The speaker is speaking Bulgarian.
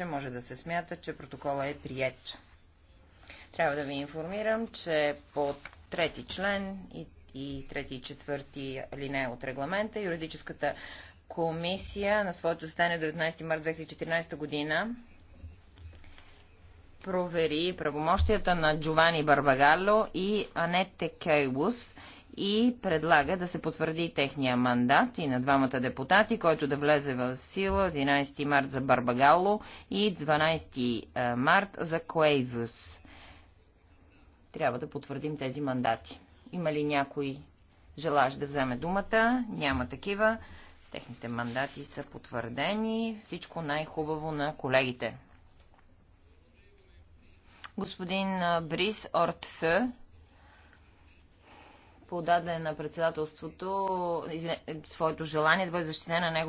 че може да се смята, че протокола е прият. Трябва да ви информирам, че по трети член и, и трети и четвърти линия от регламента, юридическата комисия на своето стане, 19 март 2014 година провери правомощията на Джовани Барбагало и Анетте Кейбус и предлага да се потвърди техния мандат и на двамата депутати, който да влезе в сила 11 март за Барбагало и 12 е, март за Куейвус. Трябва да потвърдим тези мандати. Има ли някой желаж да вземе думата? Няма такива. Техните мандати са потвърдени. Всичко най-хубаво на колегите. Господин е, Брис Ортфе подаде на председателството извиня, своето желание да бъде защитена негов,